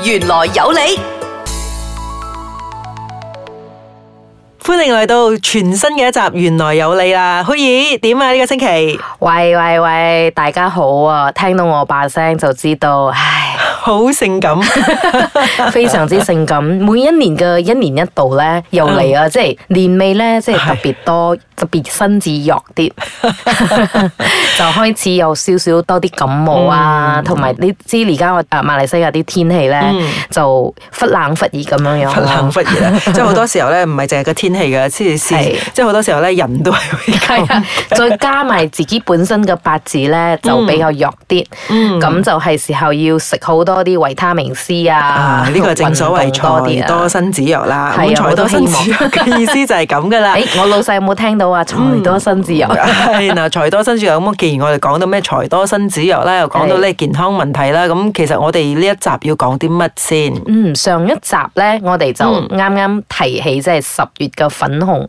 玄來有理，歡迎來到全新嘅一集《玄來有理》啦！虛熱，點啊？呢、這個星期，喂喂喂，大家好啊！聽到我把聲就知道，唉。好性感，非常之性感。每一年嘅一年一度咧，又嚟啊！即係年尾咧，即係特別多，特別身子弱啲，就開始有少少多啲感冒啊，同埋你知而家我馬來西亞啲天氣咧，就忽冷忽熱咁樣樣，忽冷忽熱，啊！即係好多時候咧，唔係淨係個天氣嘅，即係好多時候咧，人都係會加，再加埋自己本身嘅八字咧，就比較弱啲。咁就係時候要食好多。多啲維他命 C 啊！啊，呢個正所謂財多身子弱啦，財多身子弱嘅意思就係咁噶啦。誒，我老細有冇聽到啊？財多身子弱。嗱，財多身子弱咁。既然我哋講到咩財多身子弱啦，又講到呢健康問題啦，咁其實我哋呢一集要講啲乜先？嗯，上一集咧，我哋就啱啱提起即係十月嘅粉紅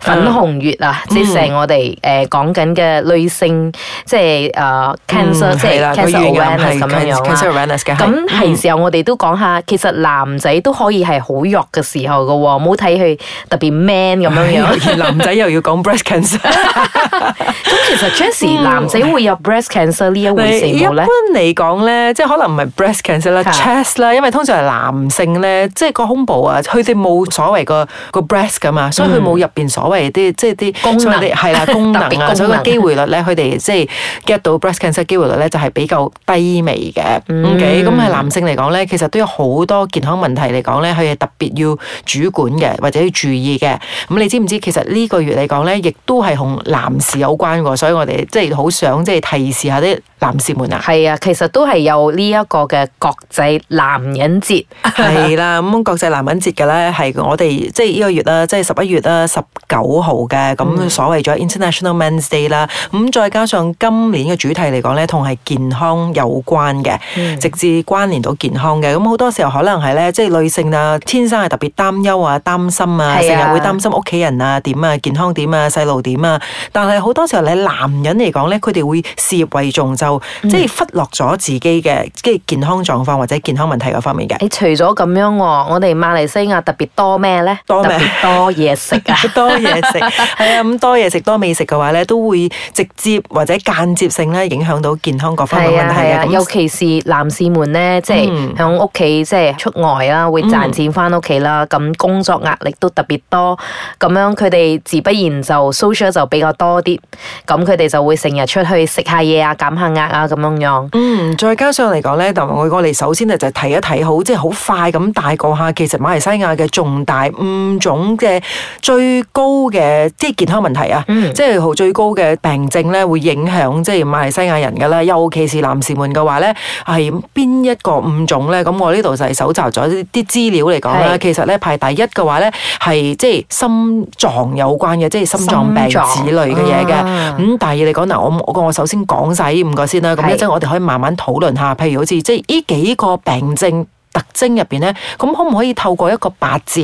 粉紅月啊，即係我哋誒講緊嘅女性，即係誒 cancer，即係 cancer 咁係時候，我哋都講下，其實男仔都可以係好弱嘅時候嘅喎，唔好睇佢特別 man 咁樣樣。而男仔又要講 breast cancer。咁其實，Jessie 男仔會有 breast cancer 呢一回事冇咧？一般嚟講咧，即係可能唔係 breast cancer 啦，chest 啦，因為通常係男性咧，即係個胸部啊，佢哋冇所謂個個 breast 㗎嘛，所以佢冇入邊所謂啲即係啲功能係啦，功能啊，所以個機會率咧，佢哋即係 get 到 breast cancer 機會率咧，就係比較低微嘅。嗯。咁係男性嚟講呢，其實都有好多健康問題嚟講呢，佢係特別要主管嘅，或者要注意嘅。咁你知唔知其實呢個月嚟講呢，亦都係同男士有關喎。所以我哋即係好想即係提示下啲。男士們啊，係啊，其實都係有呢一個嘅國際男人節，係啦、 啊。咁國際男人節嘅咧，係我哋即係呢個月啦，即係十一月啦，十九號嘅。咁所謂咗 International Men’s Day 啦。咁再加上今年嘅主題嚟講咧，同係健康有關嘅，嗯、直至關聯到健康嘅。咁好多時候可能係咧，即、就、係、係、女性啊，天生係特別擔憂啊、擔心啊，成日、啊、會擔心屋企人啊點啊、健康點啊、細路點啊。但係好多時候你男人嚟講咧，佢哋會事業為重就。嗯、即係忽略咗自己嘅即係健康狀況或者健康問題嗰方面嘅。你除咗咁樣，我哋馬來西亞特別多咩咧？多咩？多嘢食啊！多嘢食係啊！咁多嘢食多美食嘅話咧，都會直接或者間接性咧影響到健康各方面嘅問題。啊，啊咁尤其是男士們咧、嗯，即係響屋企即係出外啦，會賺錢翻屋企啦，咁、嗯、工作壓力都特別多，咁樣佢哋自不然就 social 就比較多啲，咁佢哋就會成日出去食下嘢啊，減下啊咁樣樣，嗯，再加上嚟講咧，嗱，我我哋首先咧就提一提，好，即係好快咁大過一下，其實馬來西亞嘅重大五種嘅最高嘅即係健康問題啊，嗯、即係好最高嘅病症咧會影響即係馬來西亞人噶啦，尤其是男士們嘅話咧，係邊一個五種咧？咁我呢度就係搜集咗啲資料嚟講啦。是其實咧排第一嘅話咧係即係心臟有關嘅，即係心臟病之類嘅嘢嘅。咁、嗯、第二嚟講，嗱，我我我首先講晒呢五個。先啦，咁咧即我哋可以慢慢討論下，譬如好似即係呢幾個病症，特徵入面咧，咁可唔可以透過一個八字，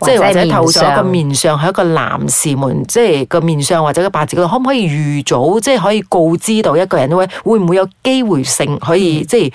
即係或者，或者透過一個面相係一個男士們，即係個面相或者個八字嗰度，可唔可以預早即係、就是、可以告知到一個人會唔會有機會性可以即係、嗯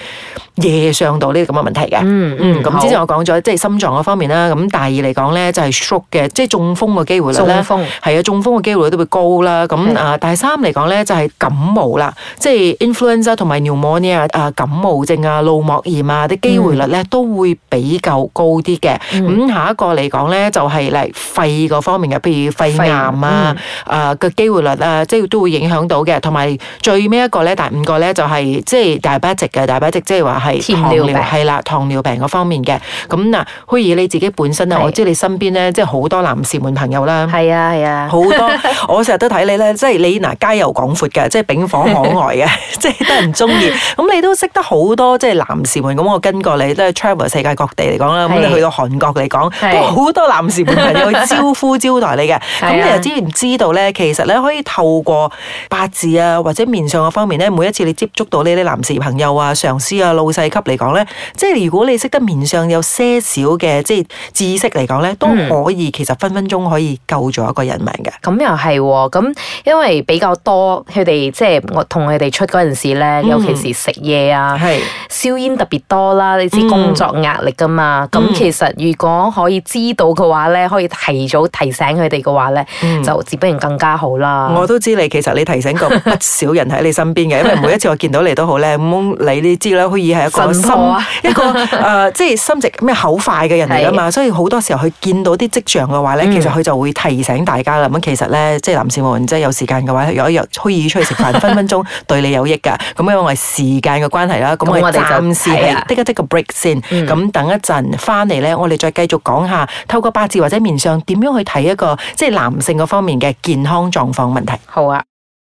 就是、夜上到呢個咁嘅問題嘅、嗯？嗯咁、嗯、好之前我講咗即係心臟嗰方面啦。咁第二嚟講咧就係 stroke 嘅，即、就、係、是、中風嘅機會率咧，係風啊，中風嘅機，的、就是 um、機會率都會高啦。咁啊、嗯，第三嚟講咧就係感冒啦，即係 influenza 同埋 pneumonia 啊，感冒症啊、腦膜炎啊啲機會率咧。都會比較高啲嘅，咁下一個嚟講咧，就係咧肺個方面嘅，譬如肺癌啊，誒個機會率啊，即係都會影響到嘅。同埋最尾一個咧，第五個咧就係即係 Diabetic 嘅 Diabetic，即係話係糖尿病係啦，糖尿病個方面嘅。咁嗱，虛兒你自己本身啊，我知你身邊咧即係好多男士們朋友啦，係啊係啊，好多我成日都睇你咧，即係你嗱交友廣闊嘅，即係丙火可外嘅，即係得人中意。咁你都識得好多即係男士們，咁我跟過你都係。世界各地嚟講啦，咁你去到韓國嚟講，都好是的 多男士朋友去招呼招待你嘅。咁是的 你又知唔知道咧？其實咧可以透過八字啊，或者面相嘅方面咧，每一次你接觸到呢啲男士朋友啊、上司啊、老細級嚟講咧，即係如果你識得面上有些少嘅即係知識嚟講咧，都可以其實分分鐘可以救咗一個人命嘅。嗯嗯嗯。咁又係喎，咁因為比較多佢哋即係我同佢哋出嗰陣時咧，尤其是食嘢啊，係是的 燒煙特別多啦，你知工作壓力㗎嘛，咁其實如果可以知道嘅話咧，可以提早提醒佢哋嘅話咧，就自不然更加好啦。我都知你其實你提醒過不少人喺你身邊嘅，因為每一次我見到你都好叻，咁你你知啦，可以係一個心一個誒，即係心直咩口快嘅人嚟㗎嘛，所以好多時候佢見到啲跡象嘅話咧，其實佢就會提醒大家啦。咁其實咧，即係男士哋，即係有時間嘅話，有一日可以出去食飯，分分鐘對你有益㗎。咁因為時間嘅關係啦，咁我哋暫時係 take a break 先。咁、嗯、等一陣返嚟呢，我哋再繼續講下透過八字或者面相點樣去睇一個即男性嗰方面嘅健康狀況問題。好啊。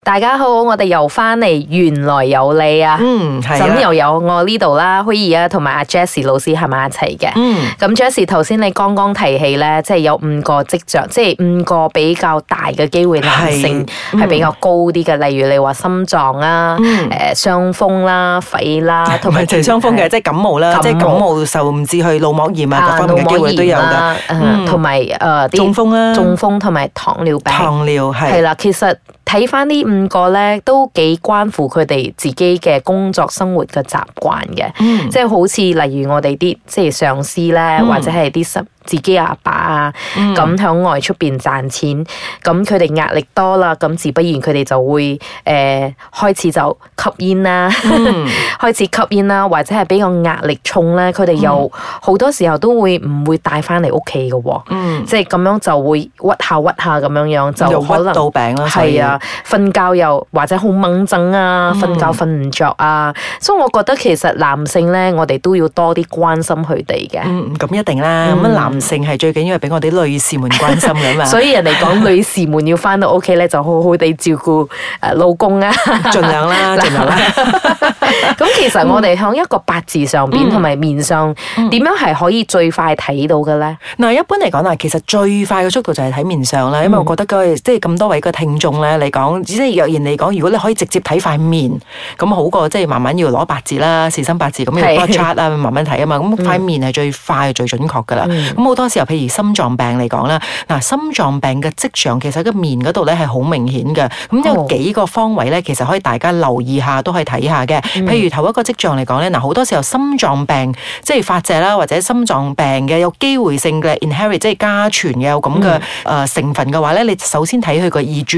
大家好，我哋又翻嚟，玄來有理啊！嗯，咁又有我呢度啦，輝兒啊，同埋阿 Jessie 老師係埋一齊嘅。嗯，咁 Jessie 頭先你剛剛提起咧，即係有五個跡象，即係五個比較大嘅機會，男性係比較高啲嘅，例如你話心臟啊、誒傷風啦、肺啦，同埋除傷風嘅，即係感冒啦，即係感冒受唔知去腦膜炎啊，各方面嘅機會都有嘅。嗯，同埋誒中風啊，中風同埋糖尿病，糖尿病係啦，其實。睇翻呢五個呢，都幾關乎佢哋自己嘅工作生活嘅習慣嘅，即好似例如我哋啲即上司呢，嗯，或者係啲自己阿爸，爸啊，咁喺、嗯、外出邊賺錢，咁佢哋壓力多啦，咁自不然佢哋就會誒、呃、開始就吸煙啦，嗯、 開始吸煙啦，或者係比較壓力重咧，佢哋又好多時候都會唔會帶翻嚟屋企嘅喎，即係咁樣就會屈下屈下咁樣樣就可能到病啦，係啊，瞓覺又或者好掹憎啊，瞓覺瞓唔着啊，嗯、所以我覺得其實男性咧，我哋都要多啲關心佢哋嘅，咁、嗯、一定啦，嗯、咁男性係最緊要係俾我哋女士們關心噶嘛， 所以人哋講女士們要翻到屋企咧，就好好地照顧誒、呃、老公啊，盡 量啦，盡量啦。咁 其實我哋向一個八字上邊同埋面上點樣係可以最快睇到嘅咧？嗱、嗯，嗯、一般嚟講，嗱，其實最快嘅速度就係睇面上啦，因為我覺得佢、嗯、即係咁多位嘅聽眾咧嚟講，即係若然嚟講，如果你可以直接睇塊面，咁好過即係慢慢要攞八字啦，時辰八字咁要卜查啊，是慢慢睇啊嘛，咁塊面係最快又、嗯、最準確噶啦。嗯咁好多時候，譬如心臟病嚟講啦，嗱，心臟病嘅跡象其實個面嗰度咧係好明顯嘅。咁、oh. 有幾個方位咧，其實可以大家留意下，都可以睇下嘅。Mm. 譬如頭一個跡象嚟講咧，嗱，好多時候心臟病即係發者啦，或者心臟病嘅有機會性嘅 inherit，即係家傳嘅有咁嘅誒成分嘅話咧，mm. 你首先睇佢個耳珠，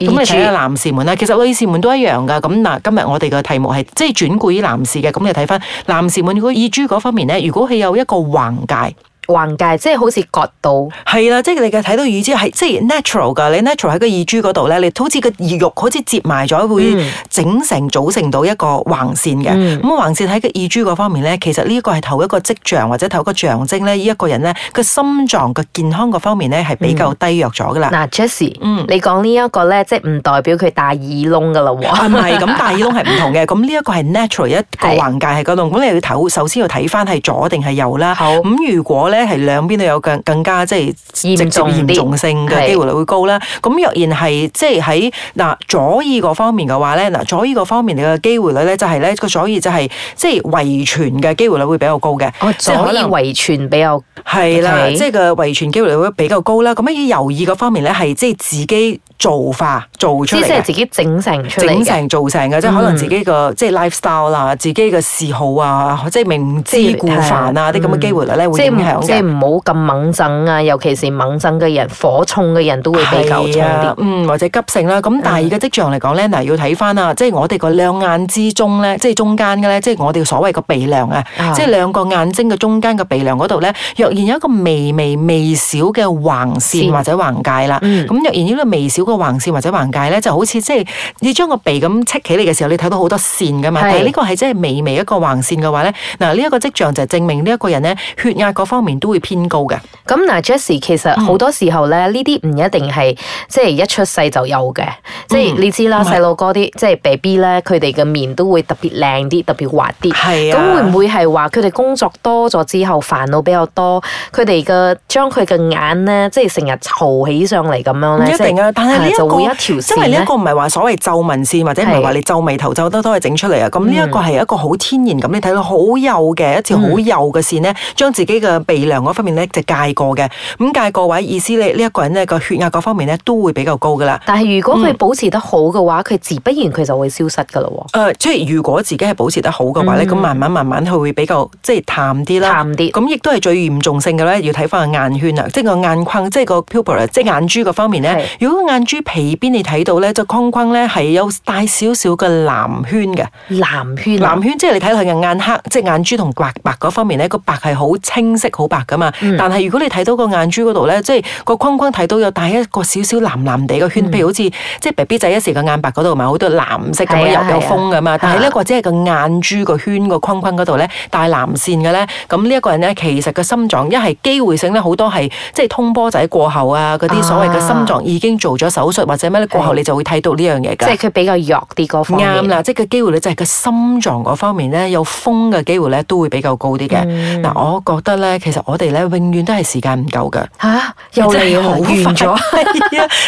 咁至於男士們啦。其實女士們都一樣噶。咁嗱，今日我哋嘅題目係即係轉顧於男士嘅，咁你睇翻男士們如果耳珠嗰方面咧，如果係有一個橫界。橫界即係好似割到，係啦，即係你睇到耳珠係即係 natural 噶，你 natural 喺個耳珠嗰度咧，你好似個耳肉好似接埋咗，嗯、會整成組成到一個橫線嘅。咁橫、嗯、線喺個耳珠嗰方面咧，其實呢個係頭一個跡象或者頭一個象徵咧，呢、這、一個人咧個心臟個健康個方面咧係比較低弱咗噶啦。嗱、嗯、，Jesse，i、嗯、你講呢一個咧，即係唔代表佢打耳窿噶啦喎。唔係咁打耳窿係唔同嘅，咁呢一個係 natural 一個橫界喺嗰度，咁你要首先要睇翻係左定係右啦。好，咁如果咧係兩邊都有，更更加即係嚴重嚴重性嘅機會率會高啦。咁若然係即係喺嗱左耳嗰方面嘅話咧，嗱左耳嗰方面你嘅機會率咧就係咧個左耳就係即係遺傳嘅機會率會比較高嘅，即係可以遺傳比較係啦，即係個遺傳機會率會比較高啦。咁啊，以右耳嗰方面咧係即係自己。做法做出嚟，即係自己整成出嚟，整成做成嘅，即係可能自己個、mm. 即係 lifestyle 啦，自己嘅嗜好是是的啊，即係明知故犯啊啲咁嘅機會咧會、嗯，即係唔即係唔好咁猛震啊，尤其是猛震嘅人、火重嘅人都會比較重啲，嗯，或者急性啦。咁但係而家即場嚟講咧，嗱、mm. 要睇翻啊，即係我哋個兩眼之中咧，即係中間嘅咧，即係我哋所謂個鼻梁啊，mm. 即係兩個眼睛嘅中間個鼻梁嗰度咧，若然有一個微微微小嘅橫線，線或者橫界啦，咁、mm. 若然呢個微小。橫線或者橫界咧，就好似即係你將個鼻咁擷起嚟嘅時候，你睇到好多線㗎嘛。是但係呢個係真係微微一個橫線嘅話咧，嗱呢一個跡象就證明呢一個人咧，血壓各方面都會偏高嘅。咁嗱，Jessie 其實好多時候咧，呢啲唔一定係即係一出世就有嘅，即係你知啦，細路哥啲即係 BB 咧，佢哋嘅面都會特別靚啲，特別滑啲。係啊，咁會唔會係話佢哋工作多咗之後煩惱比較多，佢哋嘅將佢嘅眼咧，即係成日嘈起上嚟咁樣咧，一定、啊。是但係呢一個，因為呢一個唔係話所謂皺紋線，或者唔係話你皺眉頭皺得都係整出嚟啊。咁呢一個係一個好天然咁，你睇到好幼嘅一條好幼嘅線呢，將自己嘅鼻梁嗰方面呢就戒過嘅。咁戒過位意思咧，呢一個人咧，個血壓各方面呢都會比較高㗎啦。但係如果佢保持得好嘅話，佢自不然佢就會消失㗎咯喎。即係如果自己係保持得好嘅話咧，咁慢慢慢慢佢會比較即係淡啲啦。淡啲。咁亦都係最嚴重性嘅咧，要睇翻眼圈啊，即係個眼眶，即係個 pupil，即係眼珠嗰方面呢。如果眼眼珠皮邊你睇到咧，就框框咧係有帶少少嘅藍圈嘅，藍圈，藍圈，即係你睇佢嘅眼黑，即係眼珠同白白嗰方面咧，個白係好清晰好白噶嘛。嗯、但係如果你睇到個眼珠嗰度咧，即係個框框睇到有帶一個少少藍藍地個圈，譬、嗯、如好似即係 B B 仔一時個眼白嗰度咪好多藍色咁樣入有風噶嘛。是啊、但係咧或者係個眼珠個圈個、啊、框框嗰度咧帶藍線嘅咧，咁呢一個人咧其實個心臟一係機會性咧好多係即係通波仔過後啊，嗰啲所謂嘅心臟已經做咗、啊。手術或者咩咧過後，你就會睇到呢樣嘢㗎。即係佢比較弱啲嗰方面。啱啦，即係個機會咧，就係個心臟嗰方面咧有風嘅機會咧，都會比較高啲嘅。嗱，我覺得咧，其實我哋咧永遠都係時間唔夠㗎。嚇，又嚟好快。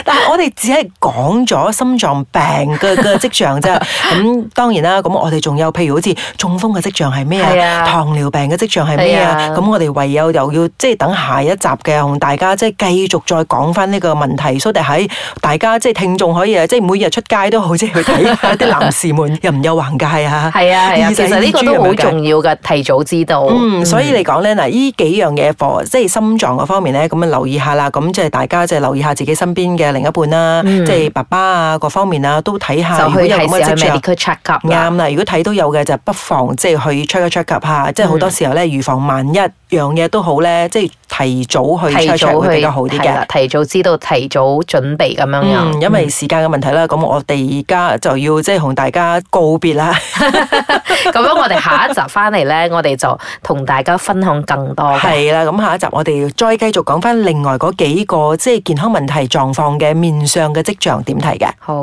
但係我哋只係講咗心臟病嘅嘅跡象啫。咁當然啦，咁我哋仲有譬如好似中風嘅跡象係咩啊？糖尿病嘅跡象係咩啊？咁我哋唯有又要即係等下一集嘅同大家即係繼續再講翻呢個問題。所以喺大家即係聽眾可以啊，即係每日出街都好，即係睇下啲男士們又唔有橫戒 啊？係啊，其實呢個都好重要噶，提早知道。嗯，所以嚟講咧，嗱，呢幾樣嘢課，即係心臟嗰方面咧，咁樣留意一下啦。咁即係大家即係留意一下自己身邊嘅另一半啦，嗯、即係爸爸啊，各方面啊，都睇下，如果看有乜跡象啱啦。如果睇到有嘅，就不妨即係去 check 一 check 下。即係好多時候咧，預防萬一，一樣嘢都好咧，即係。提早去提早會比較好啲嘅，提早知道，提早準備咁樣樣。嗯，因為時間嘅問題啦，咁、嗯、我哋而家就要即係同大家告別啦。咁樣我哋下一集翻嚟咧，我哋就同大家分享更多。係啦，咁下一集我哋要再繼續講翻另外嗰幾個即係健康問題狀況嘅面上嘅跡象點睇嘅。好。